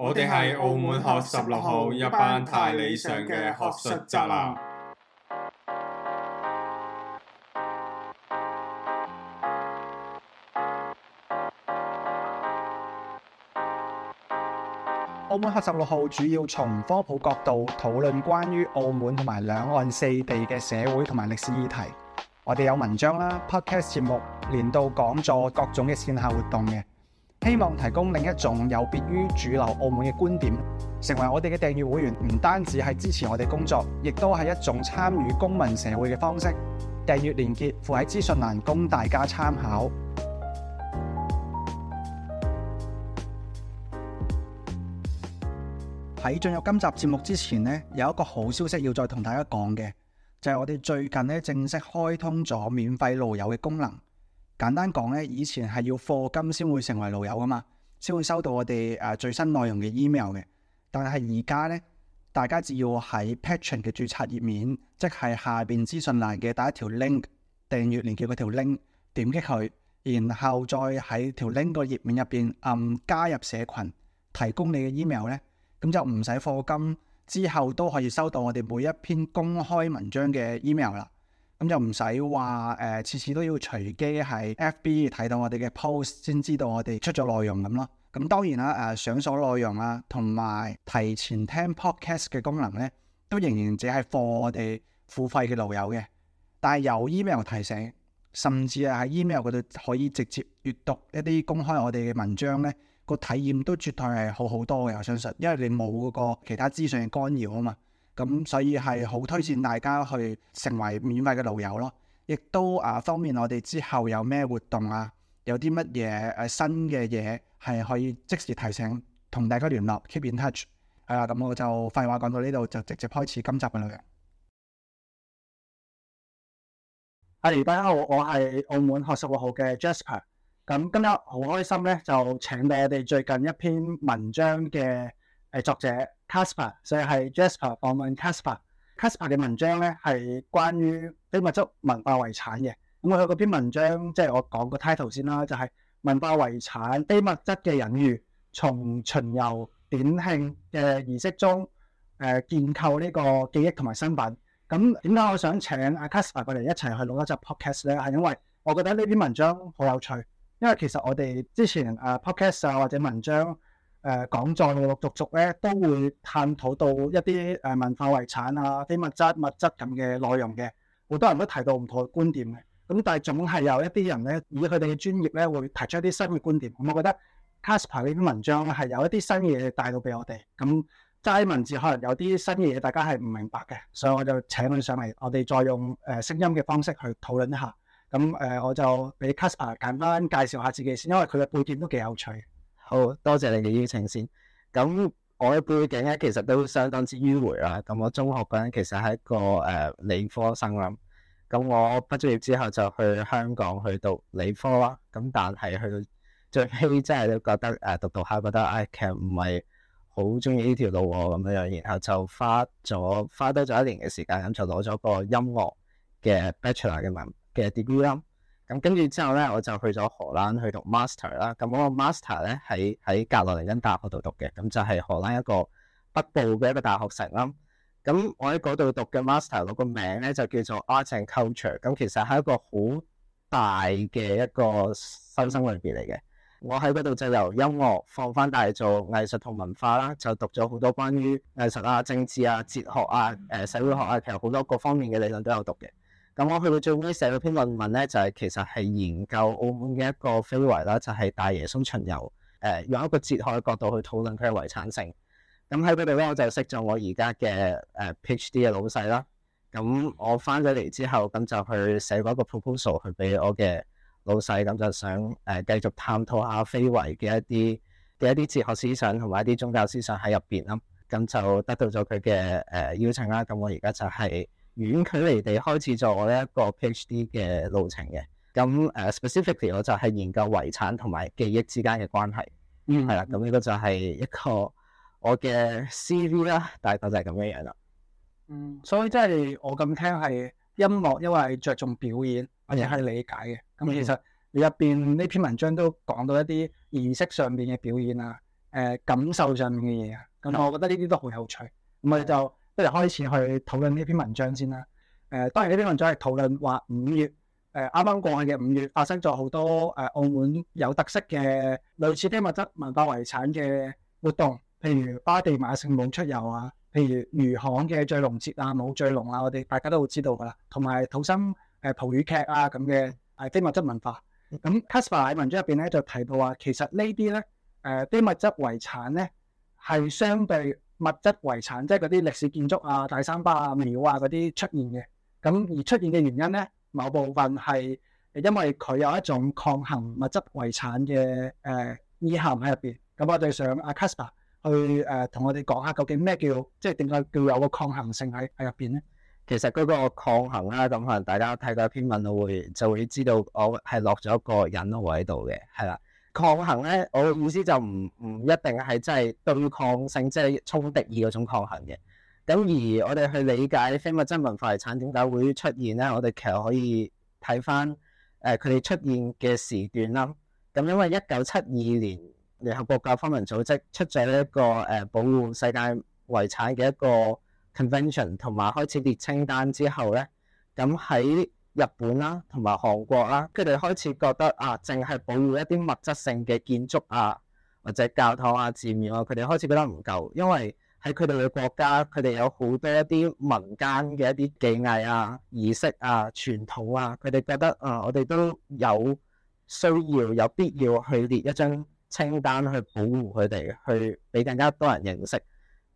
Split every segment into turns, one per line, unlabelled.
我哋係澳門學十六號一班太理想嘅學術宅男。澳門學十六號主要從科普角度討論關於澳門同埋兩岸四地嘅社會同埋歷史議題。我哋有文章啦、podcast 節目、年度講座、各種嘅線下活動嘅。希望提供另一種有別於主流澳門嘅觀點，成為我哋嘅訂閱會員，唔單止係支持我哋工作，亦都係一種參與公民社會嘅方式。訂閱連結附喺資訊欄，供大家參考。喺進入今集節目之前呢，有一個好消息要再同大家講嘅，就係我哋最近呢正式開通咗免費路由嘅功能。簡單講咧，以前係要課金先會成為老友噶嘛，先會收到我哋誒最新內容嘅 email 嘅。但係而家呢，大家只要喺 Patreon 嘅註冊頁面，即係下邊資訊欄嘅第一條 link 訂閱連結嗰條 link，點擊佢，然後再喺條 link 個頁面入邊按、嗯、「加入社群」，提供你嘅 email 呢，咁就唔使課金，之後都可以收到我哋每一篇公開文章嘅 email 啦。咁就唔使話誒，次次都要隨機喺 FB 睇到我哋嘅 post 先知道我哋出咗內容咁咯。咁當然啦，誒上鎖內容啊，同埋提前聽 podcast 嘅功能咧，都仍然只係 for 我哋付費嘅老友嘅。但係有 email 提醒，甚至係喺 email 嗰度可以直接閱讀一啲公開我哋嘅文章咧，個體驗都絕對係好好多嘅。我相信，因為你冇嗰個其他資訊嘅干擾啊嘛。咁所以係好推薦大家去成為免費嘅老友咯，亦都啊方便我哋之後有咩活動啊，有啲乜嘢誒新嘅嘢係可以即時提醒同大家聯絡 keep in touch。係啊，咁我就廢話講到呢度，就直接開始今集嘅內容。啊，大家好，我係澳門學十六號嘅 Jasper。咁今日好開心咧，就請你哋最近一篇文章嘅誒作者。Caspar 所以係 Jasper 我問 Caspar Caspar 嘅文章咧係關於非物質文化遺產嘅。咁佢嗰篇文章，即係我講個 title 先啦，就係文化遺產非物質嘅隱喻：從巡遊典慶嘅儀式中，誒建構呢個記憶同埋身份。咁點解我想請阿 Caspar 過嚟一齊去錄一集 podcast 咧？係因為我覺得呢篇文章好有趣，因為其實我哋之前誒 podcast 啊或者文章。誒、呃、講座陸陸續續咧，都會探討到一啲誒、呃、文化遺產啊、非物質、物質咁嘅內容嘅。好多人都提到唔同嘅觀點嘅，咁但係總係有一啲人咧，以佢哋嘅專業咧，會提出一啲新嘅觀點。我覺得 Caspar 呢篇文章咧係有一啲新嘅嘢帶到俾我哋。咁齋文字可能有啲新嘅嘢，大家係唔明白嘅，所以我就請佢上嚟，我哋再用誒、呃、聲音嘅方式去討論一下。咁誒、呃，我就俾 Caspar 簡翻介紹一下自己先，因為佢嘅背景都幾有趣。好多謝你嘅邀請先。
咁我嘅背景咧，其實都相當之迂回啦。咁我中學嗰陣其實係一個理科生啦，咁我畢咗業之後就去香港去讀理科啦。咁但係去到最尾，真係覺得誒讀讀下覺得 a 其 t 唔係好中意呢條路喎咁樣。然後就花咗花多咗一年嘅時間，咁就攞咗個音樂嘅 Bachelor 嘅文嘅 d e g r e e 啦。咁跟住之後咧，我就去咗荷蘭去讀 master 啦。咁我個 master 咧喺喺格羅寧根大學度讀嘅，咁就係荷蘭一個北部嘅一個大學城啦。咁我喺嗰度讀嘅 master，我個名咧就叫做 arts and culture。咁其實係一個好大嘅一個新生類別嚟嘅。我喺嗰度就由音樂放翻大，做藝術同文化啦，就讀咗好多關於藝術啊、政治啊、哲學啊、誒、呃、社會學啊，其實好多各方面嘅理論都有讀嘅。咁我去到最尾寫咗篇論文咧，就係、是、其實係研究澳門嘅一個非遺啦，就係大爺松巡遊，誒、呃、用一個哲學嘅角度去討論佢嘅遺產性。咁喺佢度咧，我就識咗我而家嘅誒 PhD 嘅老細啦。咁我翻咗嚟之後，咁就去寫嗰個 proposal 去俾我嘅老細，咁就想誒繼續探討下非遺嘅一啲嘅一啲哲學思想同埋一啲宗教思想喺入邊啦。咁就得到咗佢嘅誒邀請啦。咁我而家就係、是、遠距離地開始做我呢一個 PhD 嘅路程嘅，咁 specifically 我就係研究遺產同埋記憶之間嘅關係。嗯，係啦，咁呢個就係一個
我嘅 CV 啦，大概就係咁嘅樣啦。嗯，所以即係我咁聽係音樂，因為着重表演或者係理解嘅。咁、嗯、其實入面呢篇文章都講到一啲儀式上面嘅表演啊，誒、呃、感受上面嘅嘢啊。咁我覺得呢啲都好有趣。咁、嗯、咪就～即係開始去討論呢篇文章先啦。誒、呃，當然呢篇文章係討論話五月，誒，啱啱過去嘅五月發生咗好多誒、呃、澳門有特色嘅類似非物質文化遺產嘅活動，譬如花地瑪聖母出遊啊，譬如魚行嘅醉龍節啊、舞醉龍啊，我哋大家都會知道㗎啦。同埋土生誒葡語劇啊咁嘅誒非物質文化。咁、嗯、Caspar 喺文章入邊咧就提到話，其實呢啲咧誒非物質遺產咧係相對物質遺產即係嗰啲歷史建築啊、大三巴啊、廟啊嗰啲出現嘅，咁而出現嘅原因咧，某部分係因為佢有一種抗衡物質遺產嘅誒意涵喺入邊。咁、呃、我哋想阿卡斯 s 去誒同、呃、我哋講下究竟咩叫即係點解叫有個抗衡性喺喺入邊咧？其實
嗰個抗衡啦，咁可能大家睇到篇文就會就會知道我係落咗一個隱位喺度嘅，係啦。抗衡呢，我意思就唔唔一定係真係對抗性，即係衝敵意嗰種抗衡嘅。咁而我哋去理解非物質文化遺產點解會出現呢？我哋其實可以睇翻誒佢哋出現嘅時段啦。咁因為一九七二年聯合國教科文組織出咗一個誒保護世界遺產嘅一個 Convention，同埋開始列清單之後咧，咁喺日本啦、啊，同埋韓國啦、啊，佢哋開始覺得啊，淨係保護一啲物質性嘅建築啊，或者教堂啊、寺廟啊，佢哋開始覺得唔夠，因為喺佢哋嘅國家，佢哋有好多一啲民間嘅一啲技藝啊、儀式啊、傳統啊，佢哋覺得啊，我哋都有需要、有必要去列一張清單去保護佢哋，去俾更加多人認識。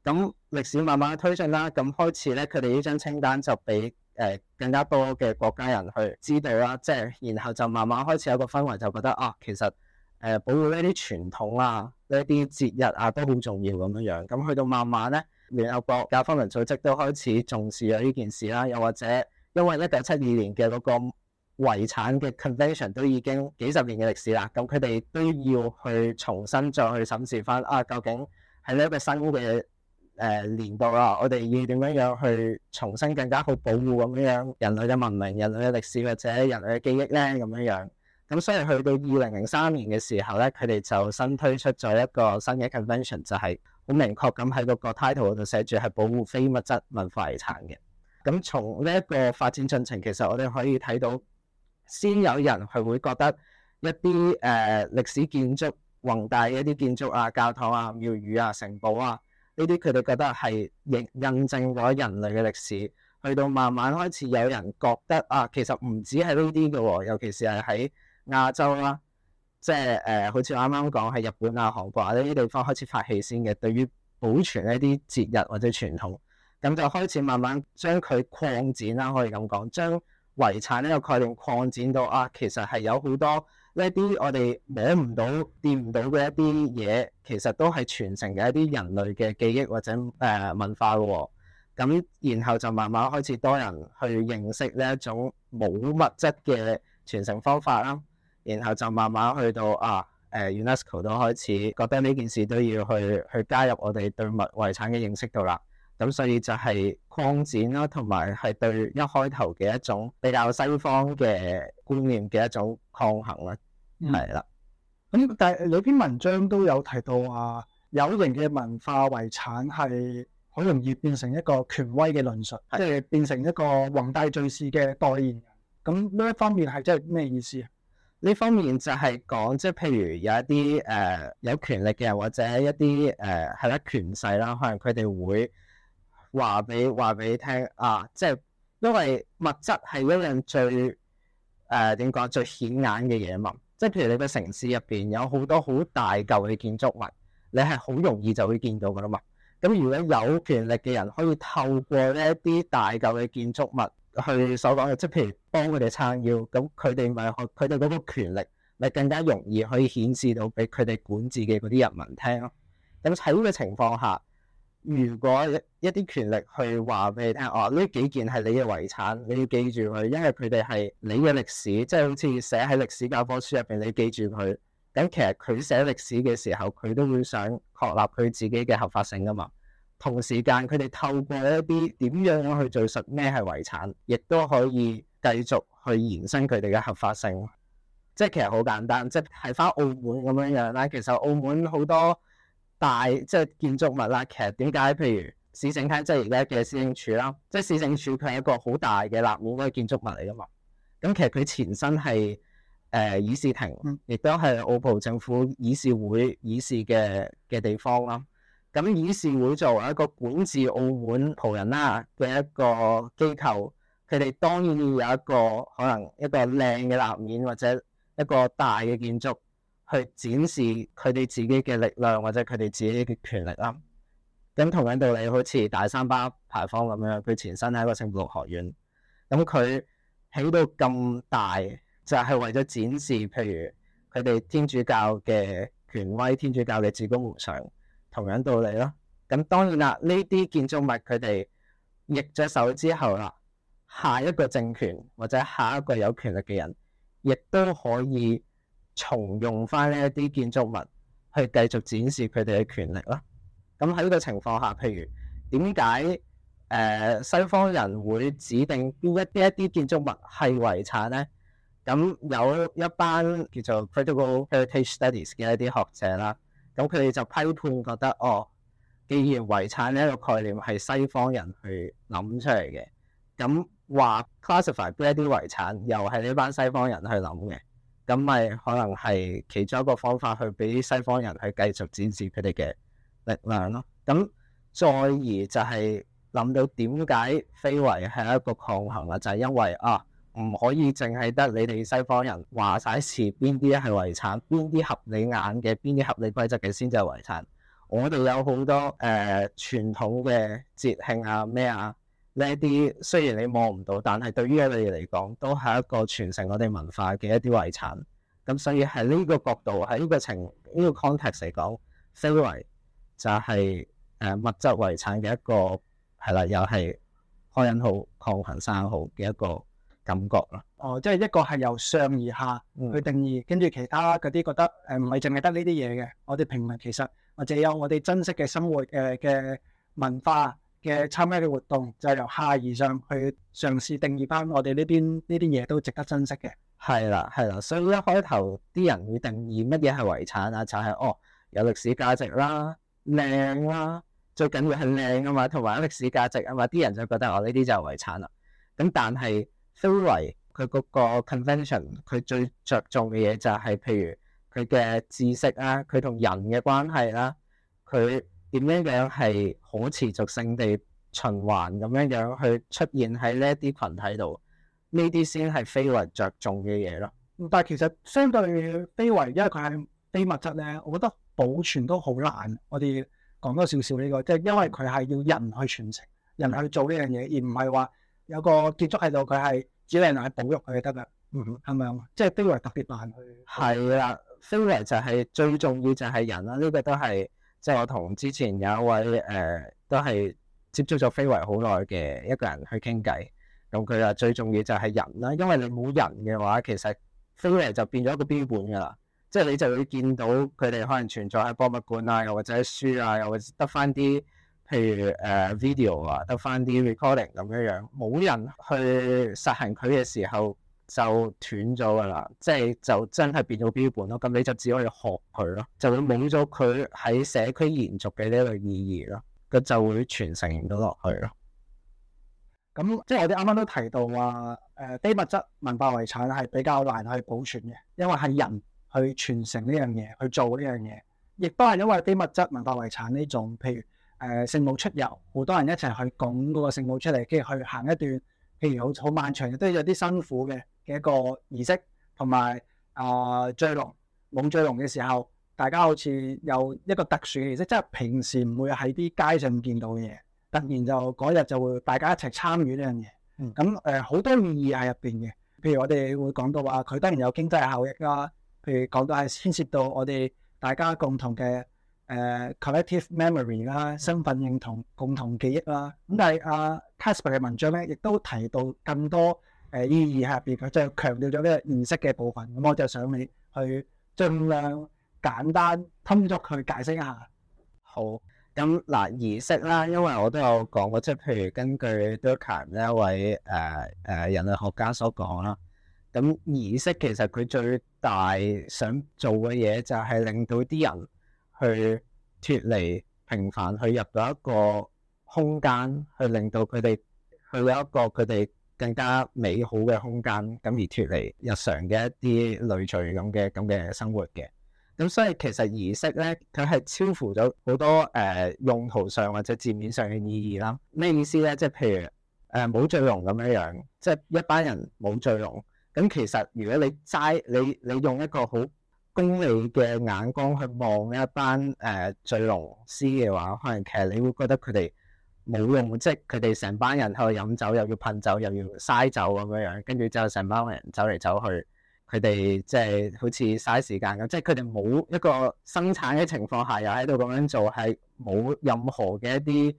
咁歷史慢慢推進啦，咁開始咧，佢哋呢張清單就俾。誒更加多嘅國家人去知道啦，即係然後就慢慢開始有個氛圍，就覺得啊，其實誒保護呢啲傳統啊、呢啲節日啊都好重要咁樣樣。咁去到慢慢咧，聯合國教科文組織都開始重視咗呢件事啦。又或者因為咧，第七二年嘅嗰個遺產嘅 Convention 都已經幾十年嘅歷史啦，咁佢哋都要去重新再去審視翻啊，究竟喺呢個新嘅。誒年代啦，我哋要點樣樣去重新更加好保護咁樣人類嘅文明、人類嘅歷史或者人類嘅記憶咧？咁樣樣咁，所以去到二零零三年嘅時候咧，佢哋就新推出咗一個新嘅 Convention，就係好明確咁喺個個 title 度寫住係保護非物質文化遺產嘅。咁從呢一個發展進程，其實我哋可以睇到，先有人係會覺得一啲誒歷史建築宏大嘅一啲建築啊、教堂啊、廟宇啊、城堡啊。呢啲佢哋覺得係印印證咗人類嘅歷史，去到慢慢開始有人覺得啊，其實唔止係呢啲嘅喎，尤其是係喺亞洲啦，即係誒好似啱啱講係日本啊、韓國啊呢啲地方開始發起先嘅，對於保存一啲節日或者傳統，咁就開始慢慢將佢擴展啦，可以咁講，將遺產呢個概念擴展到啊，其實係有好多。呢一啲我哋摸唔到掂唔到嘅一啲嘢，其實都係傳承嘅一啲人類嘅記憶或者文化喎。咁然後就慢慢開始多人去認識呢一種冇物質嘅傳承方法啦。然後就慢慢去到啊，UNESCO 都開始覺得呢件事都要去去加入我哋對物遺產嘅認識度啦。咁所以就係擴展啦、啊，同埋係對一開頭嘅一種比較西方嘅觀念嘅一種抗衡啦、
啊。係、嗯、啦。咁、嗯、但係呢篇文章都有提到話，有形嘅文化遺產係好容易變成一個權威嘅論述，即係變成一個宏大敘事嘅代言。咁呢一方面係即係咩意思啊？呢方面
就係講，即係譬如有一啲誒、呃、有權力嘅或者一啲誒係啦權勢啦，可能佢哋會，話俾話俾你聽啊！即係因為物質係一樣最誒點講最顯眼嘅嘢嘛。即係譬如你嘅城市入邊有好多好大嚿嘅建築物，你係好容易就會見到噶啦嘛。咁如果有權力嘅人可以透過呢一啲大嚿嘅建築物去所講嘅，即係譬如幫佢哋撐腰，咁佢哋咪佢哋嗰個權力咪更加容易可以顯示到俾佢哋管治嘅嗰啲人民聽咯。咁喺呢個情況下。如果一啲權力去話俾你聽，哦，呢幾件係你嘅遺產，你要記住佢，因為佢哋係你嘅歷史，即係好似寫喺歷史教科書入邊，你記住佢。咁其實佢寫歷史嘅時候，佢都會想確立佢自己嘅合法性㗎嘛。同時間，佢哋透過一啲點樣去敘述咩係遺產，亦都可以繼續去延伸佢哋嘅合法性。即係其實好簡單，即係睇返澳門咁樣樣啦。其實澳門好多。大即係、就是、建築物啦，其實點解？譬如市政廳，即係而家嘅市政署啦，即係市政署佢係一個好大嘅立面嗰個建築物嚟噶嘛。咁其實佢前身係誒議事亭，亦都係澳葡政府議事會議事嘅嘅地方啦。咁議事會作為一個管治澳門葡人啦嘅一個機構，佢哋當然要有一個可能一個靚嘅立面或者一個大嘅建築。去展示佢哋自己嘅力量或者佢哋自己嘅權力啦。咁同樣道理，好似大三巴牌坊咁樣，佢前身喺一個聖保羅學院。咁佢起到咁大，就係為咗展示，譬如佢哋天主教嘅權威，天主教嘅至高無上，同樣道理啦。咁當然啦，呢啲建築物佢哋易咗手之後啦，下一個政權或者下一個有權力嘅人，亦都可以。重用翻呢一啲建築物，去繼續展示佢哋嘅權力啦。咁喺呢個情況下，譬如點解誒西方人會指定邊一啲一啲建築物係遺產咧？咁有一班叫做 Critical Heritage Studies 嘅一啲學者啦，咁佢哋就批判覺得，哦，既然遺產呢一個概念係西方人去諗出嚟嘅，咁話 classify 邊一啲遺產又係呢班西方人去諗嘅。咁咪可能係其中一個方法，去俾西方人去繼續展示佢哋嘅力量咯。咁再而就係諗到點解非遺係一個抗衡啦、啊，就係、是、因為啊，唔可以淨係得你哋西方人話晒事邊啲係遺產邊啲合理眼嘅，邊啲合理規則嘅先至係遺產，我哋有好多誒傳、呃、統嘅節慶啊，咩啊～呢一啲雖然你望唔到，但係對於你哋嚟講，都係一個傳承我哋文化嘅一啲遺產。咁所以喺呢個角度，喺呢個情呢、呢個 context 嚟講，非、mm. 遺就係誒物質遺產嘅一個係啦，又係開引號抗衡性號嘅一個感覺啦。
哦，即係一個係由上而下去定義，跟、嗯、住其他嗰啲覺得誒唔係淨係得呢啲嘢嘅，我哋平民其實或者有我哋珍惜嘅生活誒嘅、呃、文化。嘅參加嘅活動，就由下而上去嘗試定義翻我哋呢邊呢啲嘢都值得珍惜嘅。
係啦，係啦，所以一開頭啲人會定義乜嘢係遺產啊，就係哦有歷史價值啦、靚啦，最緊要係靚啊嘛，同埋歷史價值啊嘛，啲人就覺得我呢啲就係遺產啦。咁但係非遺佢嗰個 convention，佢最着重嘅嘢就係譬如佢嘅知識啊，佢同人嘅關係啦，佢，點樣樣係好持續性地循環咁樣樣去出現喺呢啲群體度，呢啲先係非物質着重嘅嘢咯。
但係其實相對非物質，因為佢係非物質咧，我覺得保存都好難。我哋講多少少呢個，即係因為佢係要人去傳承，人去做呢樣嘢，而唔係話有個建築喺度，佢係只能夠保育佢就得噶。嗯，係咪啊？即係非物質特別難去。
係啦，非物質就係最重要就係人啦，呢個都係。即係我同之前有一位誒、呃，都係接觸咗非遺好耐嘅一個人去傾偈，咁佢話最重要就係人啦，因為你冇人嘅話，其實非遺就變咗一個標本噶啦，即係你就會見到佢哋可能存在喺博物館啊，又或者書啊，又或者得返啲譬如誒、呃、video 啊，得返啲 recording 咁樣樣，冇人去實行佢嘅時候，就斷咗噶啦，即係就真係變咗標本咯。咁你就只可以學佢咯，就會冇咗佢喺社區延續嘅呢類意義咯。咁就會傳承唔到落去咯。
咁即係我哋啱啱都提到話，誒、呃、非物質文化遺產係比較難去保存嘅，因為係人去傳承呢樣嘢去做呢樣嘢，亦都係因為非物質文化遺產呢種，譬如誒聖母出遊，好多人一齊去拱嗰個聖母出嚟，跟住去行一段，譬如好好漫長嘅，都有啲辛苦嘅。嘅一個儀式，同埋啊，醉、呃、龍，舞醉龍嘅時候，大家好似有一個特殊嘅儀式，即係平時唔會喺啲街上見到嘅嘢。突然就嗰日就會大家一齊參與呢樣嘢。咁誒好多意義喺入邊嘅，譬如我哋會講到話佢當然有經濟效益啦，譬如講到係牽涉到我哋大家共同嘅誒、呃、collective memory 啦、身份認同、共同記憶啦。咁但係阿 Caspar 嘅文章咧，亦都提到更多。誒意義喺入邊嘅，即係強調咗呢個儀式嘅部分。咁我就想你去盡量簡單、通俗去解釋下。好，咁
嗱儀式啦，因為我都有講過，即係譬如根據 Durkheim 呢一位誒誒、呃呃、人類學家所講啦。咁儀式其實佢最大想做嘅嘢，就係令到啲人去脫離平凡，去入到一個空間，去令到佢哋去有一個佢哋。更加美好嘅空間，咁而脱離日常嘅一啲累贅咁嘅咁嘅生活嘅，咁所以其實儀式咧，佢係超乎咗好多誒、呃、用途上或者字面上嘅意義啦。咩意思咧？即係譬如誒舞、呃、醉龍咁樣樣，即係一班人舞醉龍。咁其實如果你齋你你用一個好功利嘅眼光去望一班誒、呃、醉龍師嘅話，可能其實你會覺得佢哋。冇用，即係佢哋成班人喺度飲酒，又要噴酒，又要嘥酒咁樣樣，跟住就成班人走嚟走去，佢哋即係好似嘥時間咁，即係佢哋冇一個生產嘅情況下，又喺度咁樣做，係冇任何嘅一啲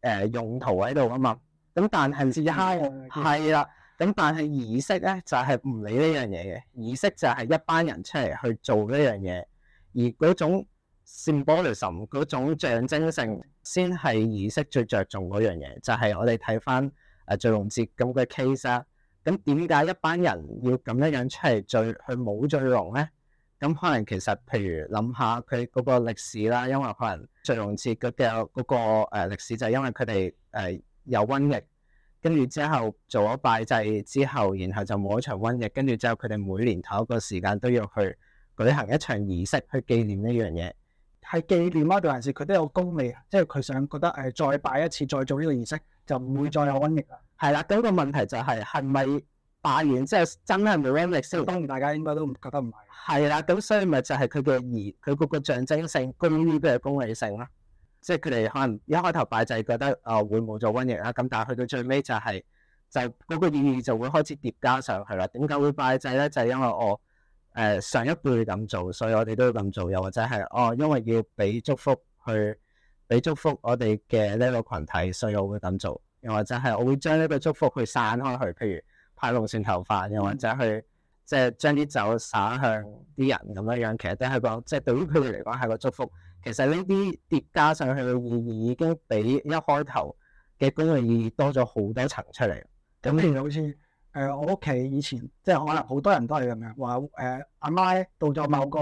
誒用途喺度啊嘛。咁但係節日嗨用，係啦。咁但係儀式咧就係唔理呢樣嘢嘅，儀式就係一班人出嚟去做呢樣嘢，而嗰種。Symbolism 嗰種象徵性，先係儀式最着重嗰樣嘢，就係、是、我哋睇翻誒醉龍節咁嘅 case 啦。咁點解一班人要咁樣樣出嚟醉？佢冇醉龍咧？咁可能其實譬如諗下佢嗰個歷史啦，因為可能醉龍節嘅嘅嗰個誒歷史就係因為佢哋誒有瘟疫，跟住之後做咗拜祭之後，然後就冇咗場瘟疫，跟住之後佢哋每年頭一個時間都要去
舉行一場儀式去紀念一樣嘢。係紀念嗰度還是佢都有功利，即係佢想覺得誒再拜一次再做呢個儀式就唔會再有瘟疫啦。係啦，第一個問題就係係咪拜完之後真係冇瘟疫？當然大家應該都唔覺得唔係。係啦，
咁所以咪就係佢嘅儀，佢嗰個象徵性、功利嘅功利性啦。即係佢哋可能一開頭拜祭係覺得啊、呃、會冇咗瘟疫啦，咁但係去到最尾就係、是、就嗰、是、個意義就會開始疊加上去啦。點解會拜祭呢？就係因為我誒，上一輩咁做，所以我哋都要咁做。又或者係哦，因為要俾祝福去俾祝福我哋嘅呢個群體，所以我會咁做。又或者係我會將呢個祝福去散開去，譬如派龍船頭飯，又或者去即係將啲酒灑向啲人咁樣樣。其實都係講即係對於佢哋嚟講係個祝福。其實呢啲疊加上去嘅意
義已經比一開頭嘅公眾意義多咗好多層出嚟。咁、嗯、好似～誒、呃，我屋企以前即係可能好多人都係咁樣話誒，阿、呃、媽，媽到咗某個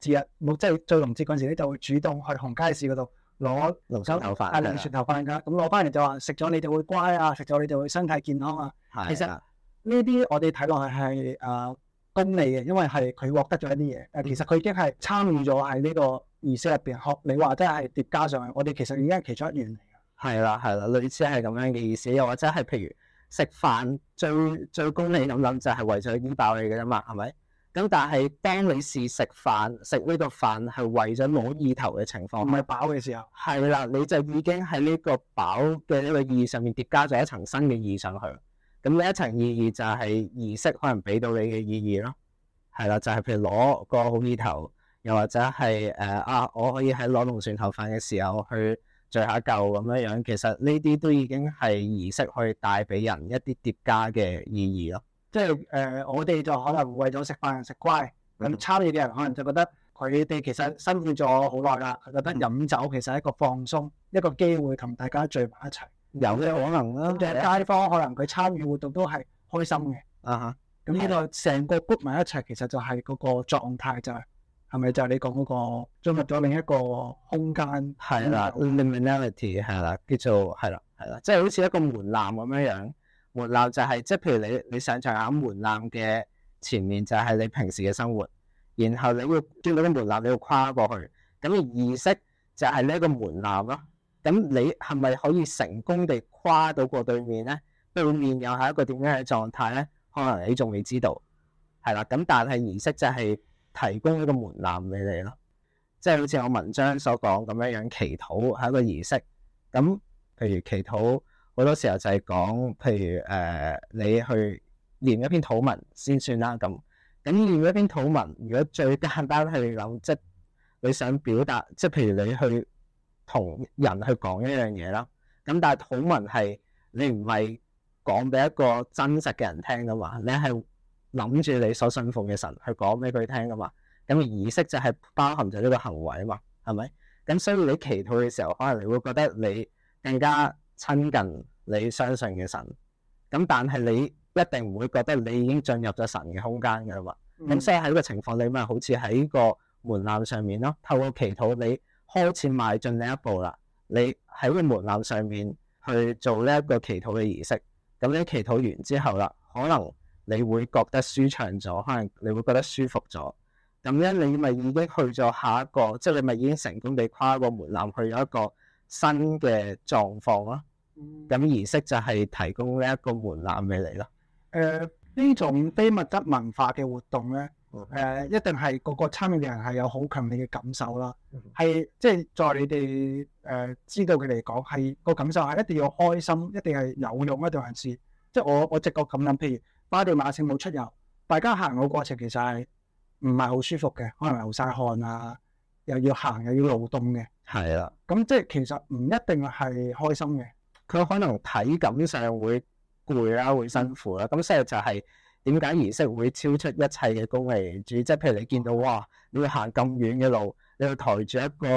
節日，即係最曆節醉龍節嗰陣時，你就會主動去紅街市嗰度攞龍船頭飯啊，龍船頭飯噶，咁攞翻嚟就話食咗你就會乖啊，食咗你就會身體健康啊。其實呢啲我哋睇落係誒功利嘅，因為係佢獲得咗一啲嘢。誒、呃，其實佢已經係參與咗喺呢個儀式入邊，學、嗯、你話即係疊加上去。我哋其實已經係其中一員嚟
嘅。係啦，係啦，類似係咁樣嘅意思，又或者係譬如。食飯最最功利咁諗就係為咗醫飽你嘅啫嘛，係咪？咁但係當你試食飯食呢個飯係為咗攞意頭嘅情況，唔係飽嘅時候，係啦，你就已經喺呢個飽嘅呢個意義上面疊加咗一層新嘅意義上去。咁呢一層意義就係儀式可能俾到你嘅意義咯。係啦，就係、是、譬如攞個好意頭，又或者係誒啊，我可以喺攞龍船頭飯嘅時候去。聚下舊咁樣樣，其實呢啲都已經係儀式，去帶俾人一啲疊加嘅意義咯。
即係誒、呃，我哋就可能為咗食飯食乖，咁參與嘅人可能就覺得佢哋其實辛苦咗好耐啦。佢覺得飲酒其實係一個放鬆，一個機會同大家聚埋一齊。有咩可能啦？即係街坊可能佢參與活動都係開心嘅。啊哈！咁呢度成個 group 埋一齊，其實就係嗰個狀態就係、是。係咪就係你講嗰個進入咗另一個空間？係啦
，liminality 係啦，叫做係啦，係啦，即係好似一個門檻咁樣樣。門檻就係，即係譬如你你想像下門檻嘅前面，就係你平時嘅生活。然後你會將你個門檻，你要跨過去。咁儀式就係呢一個門檻咯。咁你係咪可以成功地跨到過對面咧？對面又係一個點樣嘅狀態咧？可能你仲未知道。係啦，咁但係儀式就係。提供一個門檻俾你咯，即係好似我文章所講咁樣樣，祈禱係一個儀式，咁譬如祈禱好多時候就係講，譬如誒、呃、你去念一篇禱文先算啦咁，咁唸一篇禱文，如果最簡單係你諗，即你想表達，即譬如你去同人去講一樣嘢啦，咁但係禱文係你唔係講俾一個真實嘅人聽噶嘛，你係。諗住你所信奉嘅神去講俾佢聽㗎嘛，咁儀式就係包含咗呢個行為啊嘛，係咪？咁所以你祈禱嘅時候，可能你會覺得你更加親近你相信嘅神，咁但係你一定唔會覺得你已經進入咗神嘅空間㗎嘛。咁、嗯、所以喺呢個情況，你咪好似喺個門檻上面咯，透過祈禱你開始邁進另一步啦，你喺個門檻上面去做呢一個祈禱嘅儀式，咁你祈禱完之後啦，可能。你會覺得舒暢咗，可能你會覺得舒服咗。咁咧，你咪已經去咗下一個，即係你咪已經成功地跨一個門檻去有一個新嘅狀況咯。咁儀式就係提供呢一個門檻俾你咯。
誒、呃，呢種非物質文化嘅活動咧，誒、呃，一定係個個參與嘅人係有好強烈嘅感受啦。係，即係在你哋誒知道佢嚟講，係個感受係一定要開心，一定係有用，一定還係。即係我我直覺咁諗，譬如。巴地馬聖母出遊，大家行嘅過程其實係唔係好舒服嘅，可能有流晒汗啊，又要行又要勞動嘅。係啦，咁即係其實唔一定係開心嘅，佢可能體感上會攰啦，會辛苦
啦。咁所以就係點解儀式會超出一切嘅功利主義？即係譬如你見到哇，你要行咁遠嘅路，你要抬住一個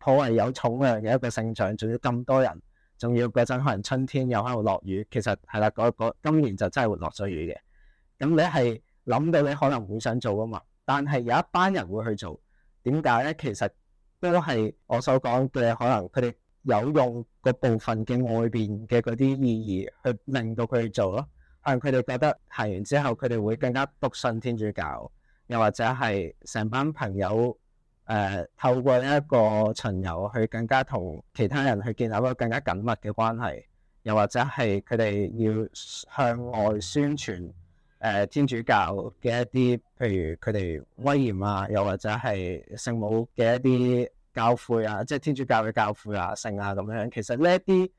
頗為有重量嘅一個聖像，仲要咁多人。仲要嗰陣可能春天又喺度落雨，其實係啦，嗰今年就真係會落咗雨嘅。咁你係諗到你可能會想做啊嘛，但係有一班人會去做，點解咧？其實都係我所講嘅，可能佢哋有用個部分嘅外邊嘅嗰啲意義去令到佢哋做咯。可能佢哋覺得行完之後佢哋會更加篤信天主教，又或者係成班朋友。誒透過一個巡遊去更加同其他人去建立一個更加緊密嘅關係，又或者係佢哋要向外宣傳誒天主教嘅一啲，譬如佢哋威嚴啊，又或者係聖母嘅一啲教誨啊，即係天主教嘅教誨啊、聖啊咁樣。其實呢啲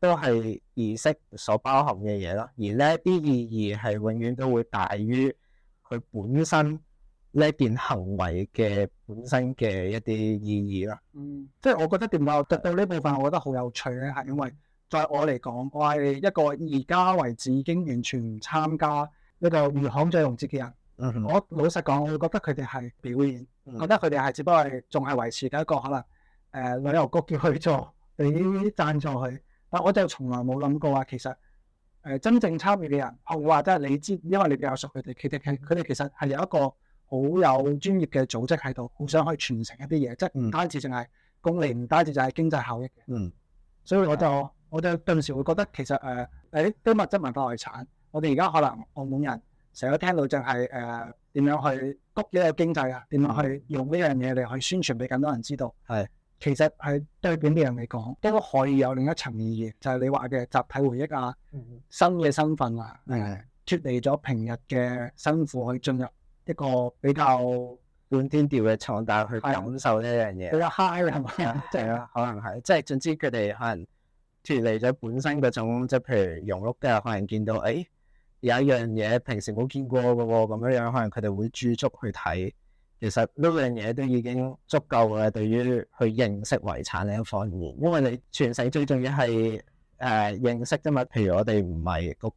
都係儀式所包含嘅嘢咯，而呢啲意義係永遠都會大於佢本身。呢件行為嘅本身嘅一啲意義啦，嗯，
即、就、係、是、我覺得點解我讀到呢部分，我覺得好有趣咧，係因為在我嚟講，我係一個而家為止已經完全唔參加呢個遊行再用資嘅人、嗯嗯，我老實講，我覺得佢哋係表演、嗯，覺得佢哋係只不過係仲係維持緊一個可能誒、呃、旅遊局叫佢做俾贊助佢，但我就從來冇諗過啊，其實誒、呃、真正參與嘅人，我話即係你知道，因為你比較熟佢哋，佢哋佢佢哋其實係有一個。好有專業嘅組織喺度，互相可以傳承一啲嘢、嗯，即係唔單止淨係功利，唔、嗯、單止就係經濟效益。嗯，所以我就我就有陣時會覺得其實誒，喺、呃、啲物質文化遺產，我哋而家可能澳門人成日都聽到就係誒點樣去谷呢個經濟啊，點、嗯、樣去用呢樣嘢嚟去宣傳俾更多人知道。係，其實係對邊啲人嚟講都可以有另一層意義，就係、是、你話嘅集體回憶啊、嗯、新嘅身份啊，脫離咗平日嘅辛苦去進入。一個比較半
天吊嘅床單去感受呢樣嘢，比較
high 係嘛？係啊，
可能係，即係總之佢哋可能脫離咗本身嗰種，即係譬如融入嘅，可能見到誒、哎、有一樣嘢平時冇見過嘅喎，咁樣樣可能佢哋會駐足去睇。其實呢樣嘢都已經足夠嘅，對於去認識遺產呢一方面，因為你傳承最重要係誒、呃、認識啫嘛。譬如我哋唔係嗰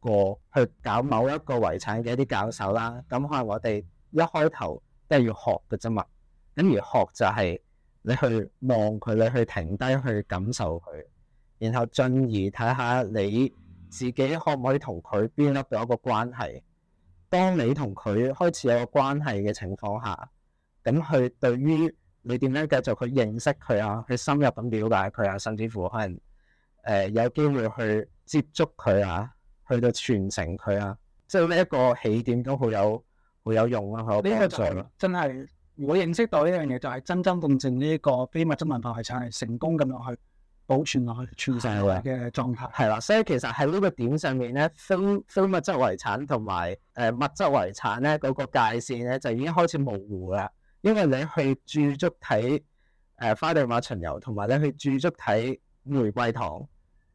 個去搞某一個遺產嘅一啲教授啦，咁可能我哋一開頭都係要學嘅啫嘛，咁而學就係你去望佢，你去停低去感受佢，然後進而睇下你自己可唔可以同佢建立到一個關係。當你同佢開始有個關係嘅情況下，咁去對於你點樣繼續去認識佢啊，去深入咁了解佢啊，甚至乎可能誒有機會去接觸佢啊，去到傳承佢啊，
即係呢一個起點都好有。會有用啊，喺舞台上。真係，如果認識到呢樣嘢，就係真真正正呢一個非物質文化遺產係成功咁樣去保存落去，傳承嘅狀態。係啦，所以其實喺呢個點上面咧，非非物質遺
產同埋誒物質遺產咧嗰個界線咧就已經開始模糊啦。因為你去駐足睇誒花地瑪巡遊，同埋咧去駐足睇玫瑰堂，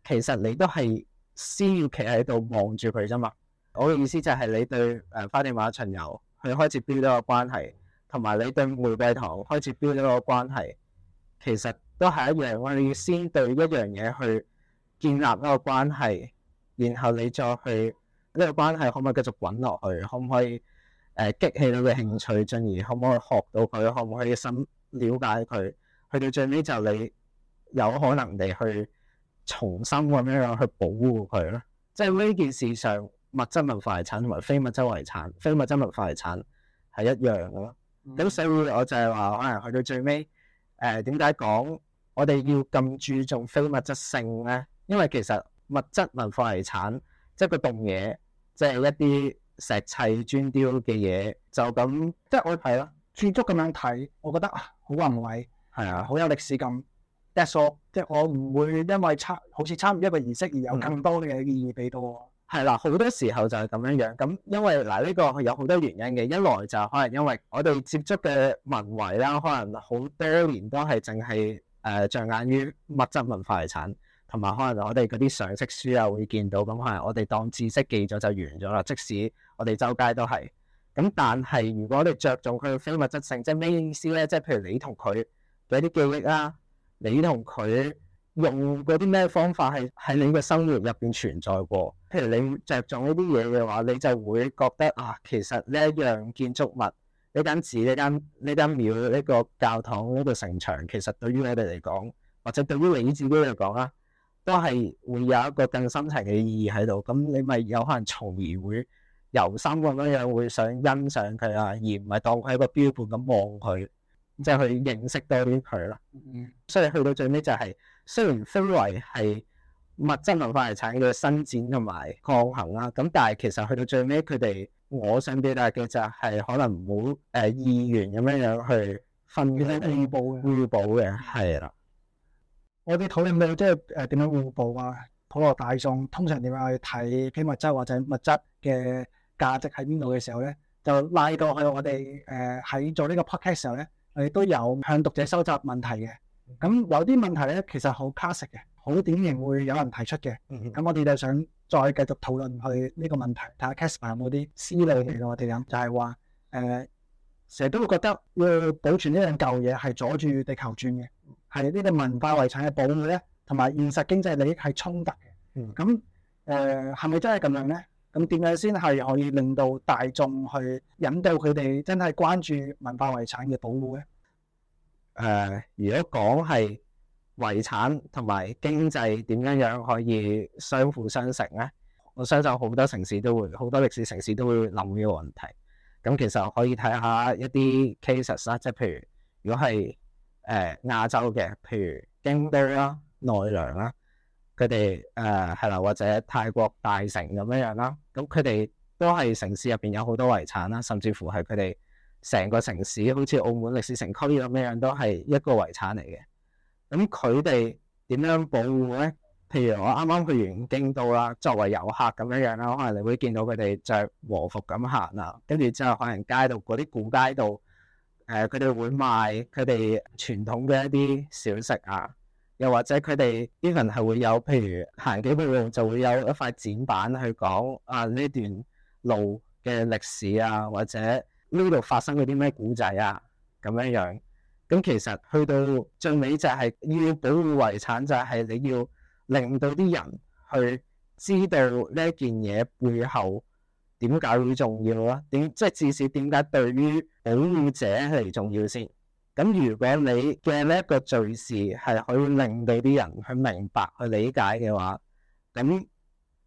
其實你都係先要企喺度望住佢啫嘛。我嘅意思就係你對誒花地瑪巡遊去開始 build 咗個關係，同埋你對玫瑰堂開始 build 咗個關係，其實都係一樣。你要先對一樣嘢去建立一個關係，然後你再去呢、這個關係可唔可以繼續滾落去？可唔可以誒激起到嘅興趣，進而可唔可以學到佢？可唔可以深了解佢？去到最尾，就你有可能地去重新咁樣樣去保護佢咯。即係呢件事上。物質文化遺產同埋非物質遺產，非物質文化遺產係一樣咯。咁所以我就係話，可能去到最尾，誒、呃，點解講我哋要咁注重非物質性咧？因為其實物質文化遺產即係佢動嘢，即係
一啲石砌磚雕嘅嘢，就咁即係我睇咯，駐足咁樣睇，我覺得啊，好宏偉，係啊，好有歷史感。That’s all，即係我唔會因為參好似參與一個儀式而有更多嘅意義俾、嗯、到我係啦，好多時候就係
咁樣樣。咁因為嗱呢個有好多原因嘅，一來就可能因為我哋接觸嘅文遺啦，可能好多年都係淨係誒著眼於物質文化遺產，同埋可能我哋嗰啲常識書啊會見到，咁可能我哋當知識記咗就完咗啦。即使我哋周街都係，咁但係如果我哋著重佢嘅非物質性，即係咩意思咧？即係譬如你同佢嘅啲記憶啦，你同佢。用嗰啲咩方法係喺你嘅生活入邊存在過？譬如你着重呢啲嘢嘅話，你就會覺得啊，其實呢一樣建築物、呢間寺、呢間呢間廟、呢個教堂、呢個城牆，其實對於你哋嚟講，或者對於你自己嚟講啊，都係會有一個更深層嘅意義喺度。咁你咪有可能從而會由心咁樣會想欣賞佢啊，而唔係當佢一個標本咁望佢，即係去認識多啲佢咯。嗯，所以去到最尾就係。雖然分為係物質文化遺產嘅伸展同埋抗衡啦，咁但係其實去到最尾，佢哋我想表達嘅就係可能冇誒意願咁樣樣去分呢啲互補嘅，係啦。
我哋討論到即係點樣互補啊？普羅大眾通常點樣去睇啲物質或者物質嘅價值喺邊度嘅時候咧，就拉到去我哋誒喺做呢個 podcast 嘅時候咧，我哋都有向讀者收集問題嘅。咁有啲問題咧，其實好 classic 嘅，好典型會有人提出嘅。咁我哋就想再繼續討論去呢個問題，睇下 Caspar 有冇啲私利嚟到我哋諗，就係話誒，成日都會覺得要保存呢樣舊嘢係阻住地球轉嘅，係呢啲文化遺產嘅保護咧，同埋現實經濟利益係衝突嘅。咁誒，係咪真係咁樣咧？咁點樣先係可以令到大眾去引導佢哋真係關注文化遺產嘅保護咧？
誒、呃，如果講係遺產同埋經濟點樣樣可以相輔相成咧，我相信好多城市都會，好多歷史城市都會諗呢個問題。咁其實可以睇下一啲 cases 啦，即係譬如如果係誒亞洲嘅，譬如京都啦、奈良啦，佢哋誒係啦，或者泰國大城咁樣樣啦，咁佢哋都係城市入邊有好多遺產啦，甚至乎係佢哋。成個城市好似澳門歷史城區咁樣樣，都係一個遺產嚟嘅。咁佢哋點樣保護咧？譬如我啱啱去完京都啦，作為遊客咁樣樣啦，可能你會見到佢哋着和服咁行啊，跟住之後可能街道嗰啲古街道，誒佢哋會賣佢哋傳統嘅一啲小食啊，又或者佢哋 even 係會有，譬如行幾步路就會有一塊展板去講啊呢段路嘅歷史啊，或者～呢度發生嗰啲咩古仔啊，咁樣樣，咁其實去到最尾就係要保護遺產，就係、是、你要令到啲人去知道呢件嘢背後點解會重要啊，點即係至少點解對於保護者嚟重要先。咁如果你嘅呢一個敘事係可以令到啲人去明白去理解嘅話，咁。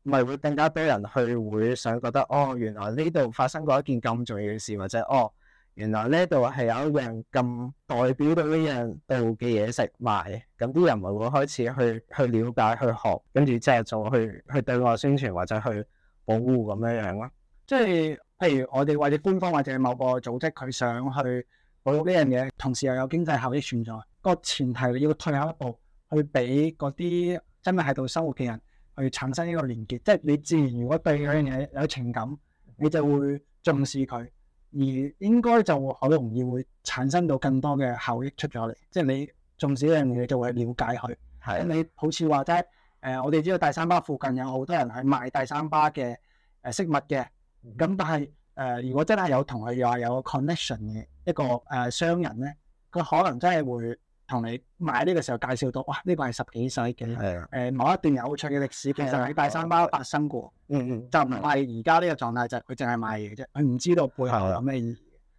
咪會更加多人去會想覺得哦，原來呢度發生過一件咁重要嘅事，或者哦，原來呢度係有一樣咁代表到呢樣度嘅嘢食賣，咁啲人咪會開始去去了解、去學，跟住之後仲去去對外宣傳或者去保護咁樣樣咯。
即係譬如我哋或者官方或者某個組織，佢想去保護呢樣嘢，同時又有經濟效益存在，個前提要退後一步去俾嗰啲真係喺度生活嘅人。去產生呢個連結，即係你自然如果對嗰樣嘢有情感，你就會重視佢，而應該就好容易會產生到更多嘅效益出咗嚟。即係你重視一樣嘢，就會了解佢。係，你好似話齋，誒、呃，我哋知道大三巴附近有好多人係賣大三巴嘅誒飾物嘅，咁、嗯、但係誒、呃，如果真係有同佢話有個 connection 嘅一個誒、嗯啊、商人咧，佢可能真係會。同你買呢個時候介紹到，哇！呢、這個係十幾世紀嘅，誒、呃、某一段有趣嘅歷史，其實喺大三巴發生過，就唔係而家呢個狀態，就佢淨係賣嘢嘅啫，佢唔知道背後有咩意義。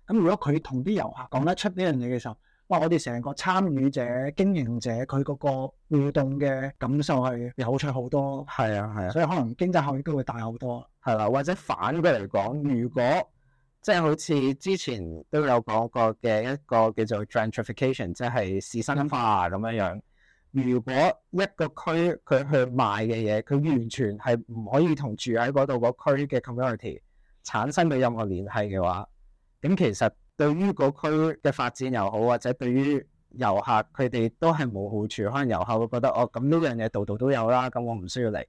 咁如果佢同啲遊客講得出呢樣嘢嘅時候，哇！我哋成個參與者、經營者，佢嗰個互動嘅感受係有趣好多。係啊，係啊，所以可能經濟效益都會大好多。
係啦，或者反過嚟講，如果即係好似之前都有講過嘅一個叫做 gentrification，即係仕紳化咁樣樣。如果一個區佢去賣嘅嘢，佢完全係唔可以同住喺嗰度個區嘅 community 產生到任何聯繫嘅話，咁其實對於個區嘅發展又好，或者對於遊客佢哋都係冇好處。可能遊客會覺得，哦，咁呢樣嘢度度都有啦，咁我唔需要嚟。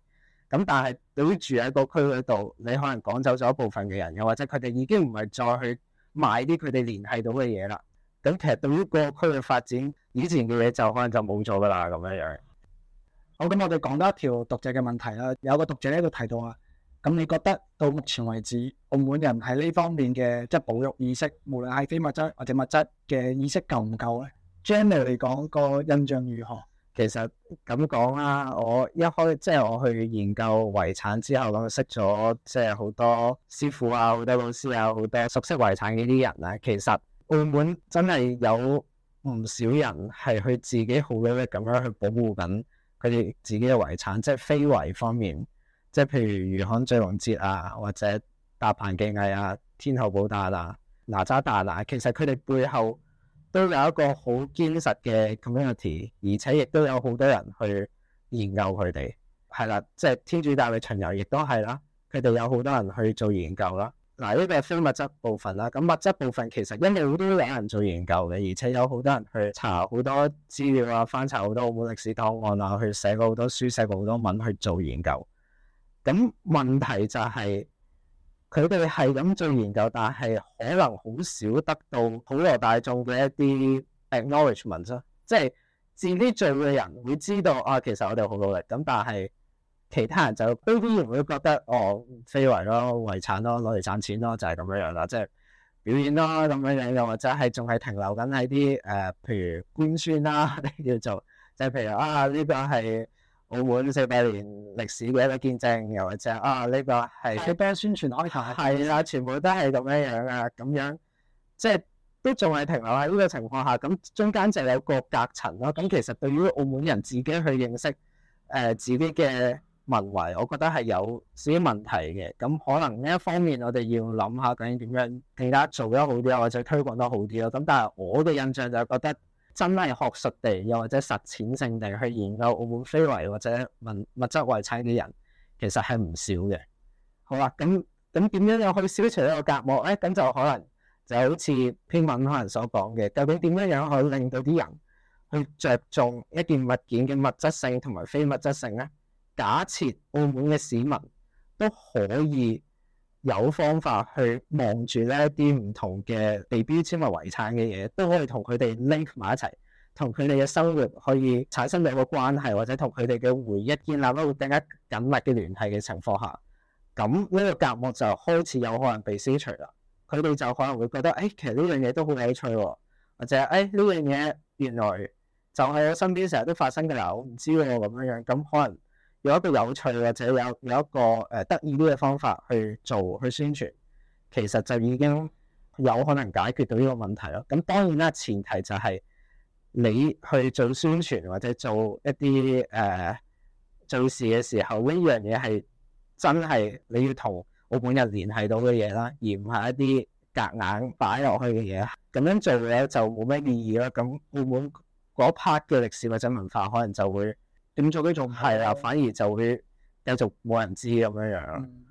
咁但係對於住喺個區嗰度，你可能趕走咗一部分嘅人，又或者佢哋已經唔係再去買啲佢哋聯繫到嘅嘢啦。咁其實對於個區嘅發展，以前嘅嘢就可能就冇咗噶啦，咁樣樣。
好，咁我哋講多一條讀者嘅問題啦。有個讀者喺度提到話，咁你覺得到目前為止，澳門人喺呢方面嘅即係保育意識，無論係非物質或者物質嘅意識夠唔夠咧？generally 嚟講個印象如何？其實咁講啦，
我一開即係我去研究遺產之後，咁識咗即係好多師傅啊、好多老師啊、好多熟悉遺產嘅啲人啊。其實澳門真係有唔少人係佢自己好努力咁樣去保護緊佢哋自己嘅遺產，即係非遺方面，即係譬如漁行醉龍節啊，或者搭棚技藝啊、天后寶誕啊、哪吒誕啊，其實佢哋背後，都有一個好堅實嘅 community，而且亦都有好多人去研究佢哋，係啦，即係天主大嘅巡遊也是，亦都係啦。佢哋有好多人去做研究啦。嗱，呢個係非物質部分啦，咁物質部分其實一路都有好多人做研究嘅，而且有好多人去查好多資料啊，翻查好多澳門歷史檔案啊，去寫過好多書，寫過好多文去做研究。咁問題就係、是。佢哋係咁做研究，但係可能好少得到普羅大眾嘅一啲 acknowledgement 啫。即係自己做嘅人會知道啊，其實我哋好努力。咁但係其他人就未必會覺得哦，非遺咯，遺產咯，攞嚟賺錢咯，就係、是、咁樣樣啦。即係表演咯，咁樣樣又或者係仲係停留緊喺啲誒，譬如官宣啦，叫做即係、就是、譬如啊呢啲係。這個是澳門四百年歷史嘅一個見證，又或者啊呢個係幾多宣傳開頭？係啊，全部都係咁樣樣啊，咁樣即係都仲係停留喺呢個情況下，咁中間淨係有個隔層咯。咁其實對於澳門人自己去認識誒、呃、自己嘅文懷，我覺得係有少少問題嘅。咁可能呢一方面我哋要諗下究竟點樣其他做得好啲，或者推廣得好啲咯。咁但係我嘅印象就係覺得。真係學術地，又或者實踐性地去研究澳門非遺或者物質遺產嘅人，其實係唔少嘅。好啦，啊，咁咁點樣又去消除呢個隔膜咧？咁就可能就好似篇文可能所講嘅，究竟點樣樣去令到啲人去着重一件物件嘅物質性同埋非物質性咧？假設澳門嘅市民都可以，有方法去望住呢一啲唔同嘅被標籤為遺產嘅嘢，都可以同佢哋 link 埋一齊，同佢哋嘅生活可以產生兩個關係，或者同佢哋嘅回憶建立一個更加緊密嘅聯繫嘅情況下，咁呢、呢個隔膜就開始有可能被消除啦。佢哋就可能會覺得，誒、哎、其實呢樣嘢都好有趣喎，或者誒呢樣嘢原來就係我身邊成日都發生嘅啦，我唔知喎咁樣樣，咁可能。有一個有趣或者有有一個誒得意啲嘅方法去做去宣傳，其實就已經有可能解決到呢個問題咯。咁當然啦，前提就係、是、你去做宣傳或者做一啲誒、呃、做事嘅時候，呢樣嘢係真係你要同澳門人聯繫到嘅嘢啦，而唔係一啲夾硬擺落去嘅嘢。咁樣做嘢就冇咩意義啦。咁澳門嗰 part 嘅歷史或者文化，可能就會～點做呢？做唔係啦，反而就會繼續冇人知咁樣樣，嗯。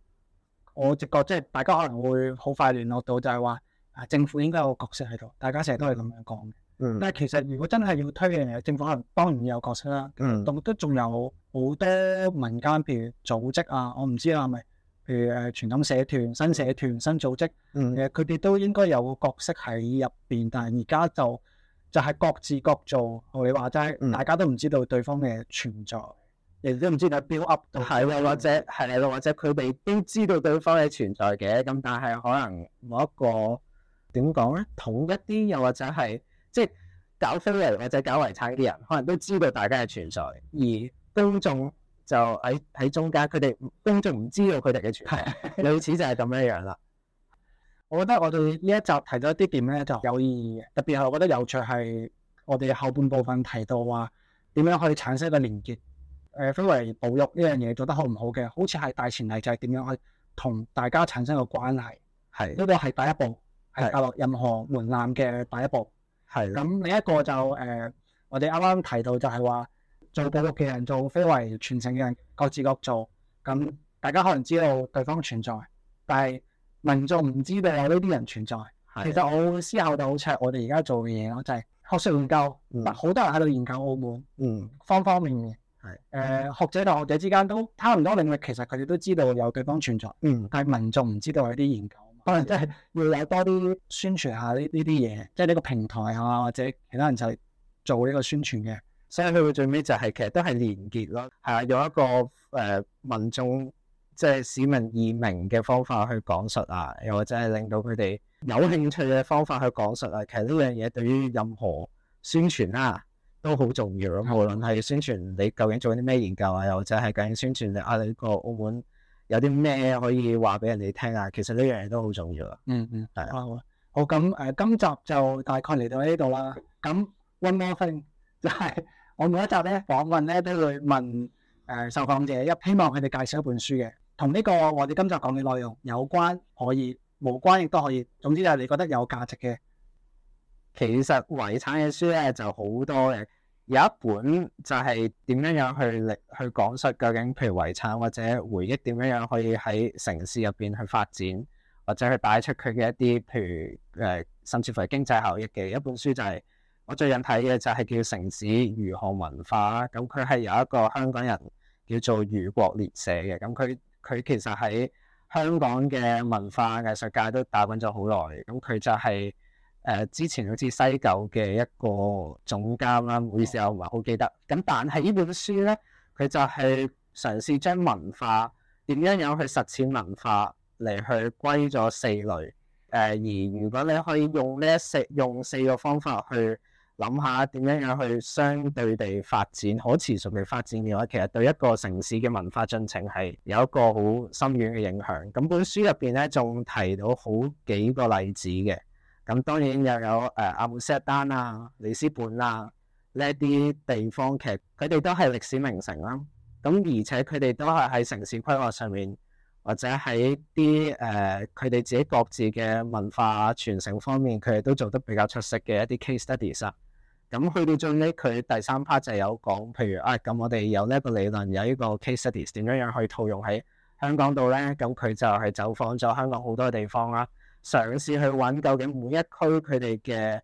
我直覺即係大家可能會好快聯絡到，就係話啊，政府應該有個角色喺度。大家成日都係咁樣講嘅。嗯，但係其實如果真係要推嘅，政府可能當然有角色啦。嗯，都仲有好多民間，譬如組織啊，我唔知啦，係咪？譬如誒，傳統社團、新社團、新組織，嗯，其實佢哋都應該有個角色喺入邊，但係而家就。就係、是、各自各做，我哋話齋，大家都唔知道對方嘅存在，亦都唔知道點 build up。係喎，
或者係咯，或者佢哋都知道對方嘅存在嘅，咁但係可能某一個點講咧，同一啲，又或者係即係搞飛利或者搞遺產啲人，可能都知道大家嘅存在，而公眾就喺喺中間，佢哋公眾唔知道佢哋嘅存在， 類似就係咁樣樣
啦。我覺得我哋呢一集提到一啲點咧，就有意義嘅。特別係我覺得有趣係我哋後半部分提到話點樣可以產生個連結。誒，非遺保育呢樣嘢做得好唔好嘅，好似係大前提就係點樣去同大家產生個關係。係呢個係第一步，係踏入任何門檻嘅第一步。係咁，另一個就誒、呃，我哋啱啱提到就係話做保育嘅人，做非遺傳承嘅人，各自各做。咁大家可能知道對方存在，但係。民眾唔知道有呢啲人存在，其實我思考到好似我哋而家做嘅嘢咯，就係、是、學術研究，好、嗯、多人喺度研究澳門，嗯、方方面面，誒、呃、學者同學者之間都差唔多領域，其實佢哋都知道有對方存在，嗯、但係民眾唔知道有啲研究，可、嗯、能即係要有多啲宣傳下呢呢啲嘢，即係呢個平台啊，或者其他人就係做呢個宣傳嘅，所以佢會最尾就係、是、其實都係連結咯，係啊，
有一個誒、呃、民眾。即係市民易明嘅方法去講述啊，又或者係令到佢哋有興趣嘅方法去講述啊。其實呢樣嘢對於任何宣傳啦都好重要咯。無論係宣傳你究竟做緊啲咩研究啊，又或者係究竟宣傳你啊你個澳門有啲咩可以話俾人哋聽啊。其實
呢樣嘢都好重要。啊。嗯嗯，係。好，咁誒，今集就大概嚟到呢度啦。咁 One more thing 就係我每一集咧訪問咧都會問誒受訪者，有希望佢哋介紹一本書嘅。同呢個我哋今集講嘅內容有關可以，無關亦都可以。總之就係你覺得有價值嘅。其實遺
產嘅書咧就好多嘅，有一本就係點樣樣去去講述究竟，譬如遺產或者回憶點樣樣可以喺城市入面去發展，或者去擺出佢嘅一啲，譬如甚至乎係經濟效益嘅一本書，就是，就係我最近睇嘅就係叫《城市如何文化》咁佢係有一個香港人叫做茹國烈社嘅，咁佢。佢其實喺香港嘅文化藝術界都打滾咗好耐，咁佢就係、是、誒、呃、之前好似西九嘅一個總監啦，唔好意思，我唔係好記得。咁但係呢本書咧，佢就係嘗試將文化點樣樣去實踐文化嚟去歸咗四類誒、呃，而如果你可以用呢四用四個方法去。諗下點樣樣去相對地發展可持續地發展嘅話，其實對一個城市嘅文化進程係有一個好深遠嘅影響。咁本書入邊咧，仲提到好幾個例子嘅。咁當然又有誒阿姆斯特丹啊、里斯本啊呢啲地方劇，佢哋都係歷史名城啦。咁而且佢哋都係喺城市規劃上面，或者喺啲誒佢哋自己各自嘅文化傳承方面，佢哋都做得比較出色嘅一啲 case studies。咁去到最尾，佢第三 part 就有講，譬如啊，咁我哋有呢個理論，有呢個 case studies，點樣樣去套用喺香港度咧？咁佢就係走訪咗香港好多地方啦，嘗試去揾究竟每一區佢哋嘅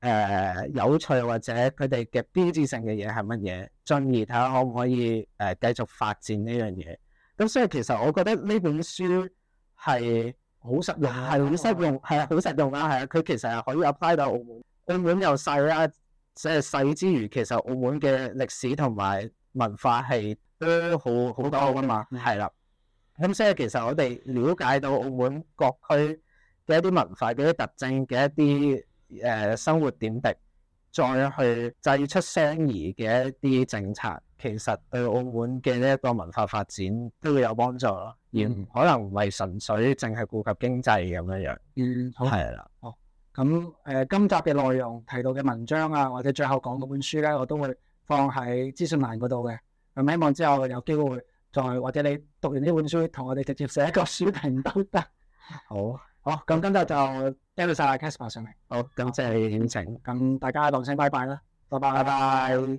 誒有趣或者佢哋嘅標誌性嘅嘢係乜嘢，進而睇下可唔可以誒繼續發展呢樣嘢。咁所以其實我覺得呢本書係好實用，係好實用，係啊，係好實用啦。係啊，佢其實係可以 apply 到澳門，澳門又細啦。即係細之餘，其實澳門嘅歷史同埋文化係都好好多噶嘛，係啦。咁即係其實我哋了解到澳門各區嘅一啲文化、嘅、嗯、一啲特徵嘅一啲誒生活點滴，再去製出相宜嘅一啲政策，其實對澳門嘅呢一個文化發展都會有幫助咯。而可能唔係純粹淨係顧
及經濟咁樣樣，嗯，好，係啦。咁誒，今集嘅內容提到嘅文章啊，或者最後講嗰本書咧，我都會放喺資訊欄嗰度嘅。咁希望之後有機會再，或者你讀完呢本書，同我哋直接寫個書評都得。好，好，咁今集就 Elisa 同 Caspar 上嚟。好，咁即係友情。咁大家落聲拜拜啦，拜拜拜拜。